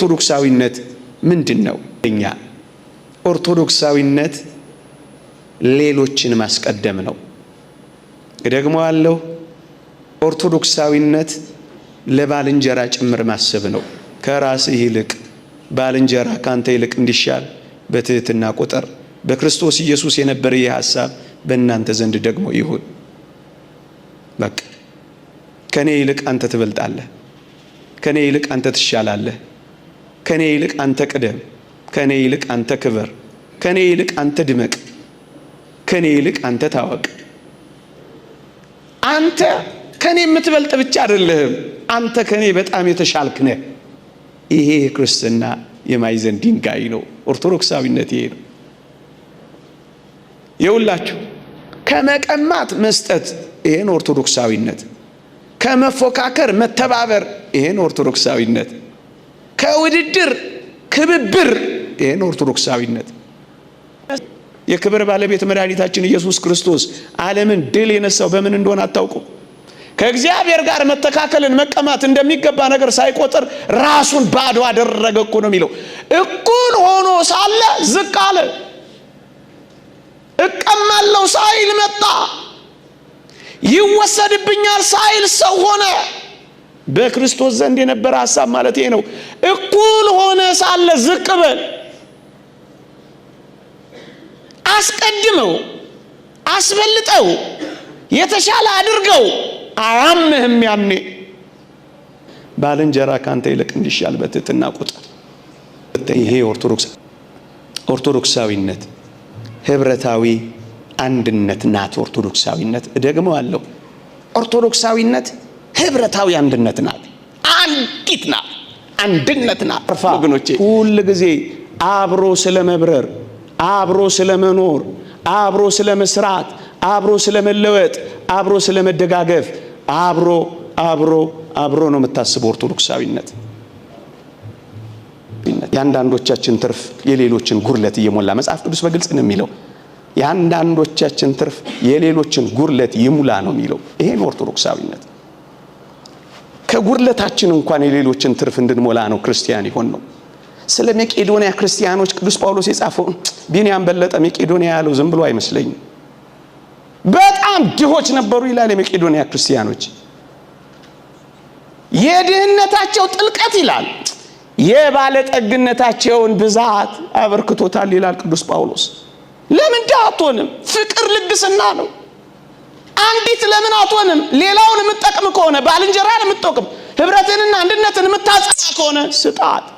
ኦርቶዶክሳዊነት ምንድን ነው? እኛ ኦርቶዶክሳዊነት ሌሎችን ማስቀደም ነው። ደግሞ አለው ኦርቶዶክሳዊነት ለባልንጀራ ጭምር ማሰብ ነው። ከራስህ ይልቅ ባልንጀራ ካንተ ይልቅ እንዲሻል በትህትና ቁጥር በክርስቶስ ኢየሱስ የነበረ ይህ ሐሳብ በእናንተ ዘንድ ደግሞ ይሁን። በቃ ከእኔ ይልቅ አንተ ትበልጣለህ፣ ከእኔ ይልቅ አንተ ትሻላለህ ከኔ ይልቅ አንተ ቅደም፣ ከኔ ይልቅ አንተ ክበር፣ ከኔ ይልቅ አንተ ድመቅ፣ ከኔ ይልቅ አንተ ታወቅ። አንተ ከኔ የምትበልጥ ብቻ አይደለህም፣ አንተ ከኔ በጣም የተሻልክ ነህ። ይሄ የክርስትና የማዕዘን ድንጋይ ነው። ኦርቶዶክሳዊነት ይሄ ነው። የውላችሁ ከመቀማት መስጠት፣ ይሄን ኦርቶዶክሳዊነት፣ ከመፎካከር መተባበር፣ ይሄን ኦርቶዶክሳዊነት ከውድድር ክብብር ይህን ኦርቶዶክሳዊነት የክብር ባለቤት መድኃኒታችን ኢየሱስ ክርስቶስ ዓለምን ድል የነሳው በምን እንደሆነ አታውቁም። ከእግዚአብሔር ጋር መተካከልን መቀማት እንደሚገባ ነገር ሳይቆጥር ራሱን ባዶ አደረገ እኮ ነው የሚለው። እኩል ሆኖ ሳለ ዝቅ አለ። እቀማለሁ ሳይል መጣ። ይወሰድብኛል ሳይል ሰው ሆነ። በክርስቶስ ዘንድ የነበረ ሐሳብ ማለት ይሄ ነው። እኩል ሆነ ሳለ ዝቅ በል አስቀድመው፣ አስበልጠው፣ የተሻለ አድርገው አያምህም። ያኔ ባልንጀራ ካንተ ይልቅ እንዲሻል በትህትና ቁጠር። ይሄ ኦርቶዶክስ ኦርቶዶክሳዊነት ህብረታዊ አንድነት ናት። ኦርቶዶክሳዊነት ደግሞ አለው ኦርቶዶክሳዊነት ህብረታዊ አንድነት ናት። አንዲት ናት። አንድነት ናት። ወገኖቼ ሁል ጊዜ አብሮ ስለመብረር አብሮ ስለመኖር አብሮ ስለመስራት አብሮ ስለመለወጥ አብሮ ስለመደጋገፍ አብሮ አብሮ አብሮ ነው የምታስበው ኦርቶዶክሳዊነት። የአንዳንዶቻችን ትርፍ የሌሎችን ጉርለት እየሞላ መጽሐፍ ቅዱስ በግልጽ ነው የሚለው። የአንዳንዶቻችን ትርፍ የሌሎችን ጉርለት ይሙላ ነው የሚለው። ይሄ ነው ኦርቶዶክሳዊነት። ከጉድለታችን እንኳን የሌሎችን ትርፍ እንድንሞላ ነው ክርስቲያን ይሆን ነው። ስለ መቄዶንያ ክርስቲያኖች ቅዱስ ጳውሎስ የጻፈው ቢንያም በለጠ መቄዶንያ ያለው ዝም ብሎ አይመስለኝም። በጣም ድሆች ነበሩ ይላል። የመቄዶንያ ክርስቲያኖች የድህነታቸው ጥልቀት ይላል የባለጠግነታቸውን ብዛት አበርክቶታል ይላል ቅዱስ ጳውሎስ። ለምን ድሃ አትሆንም? ፍቅር ልግስና ነው። አንዲት ለምን አትሆንም? ሌላውን የምትጠቅም ከሆነ ባልንጀራን የምትጠቅም ህብረትንና አንድነትን የምታጸና ከሆነ ስጣት።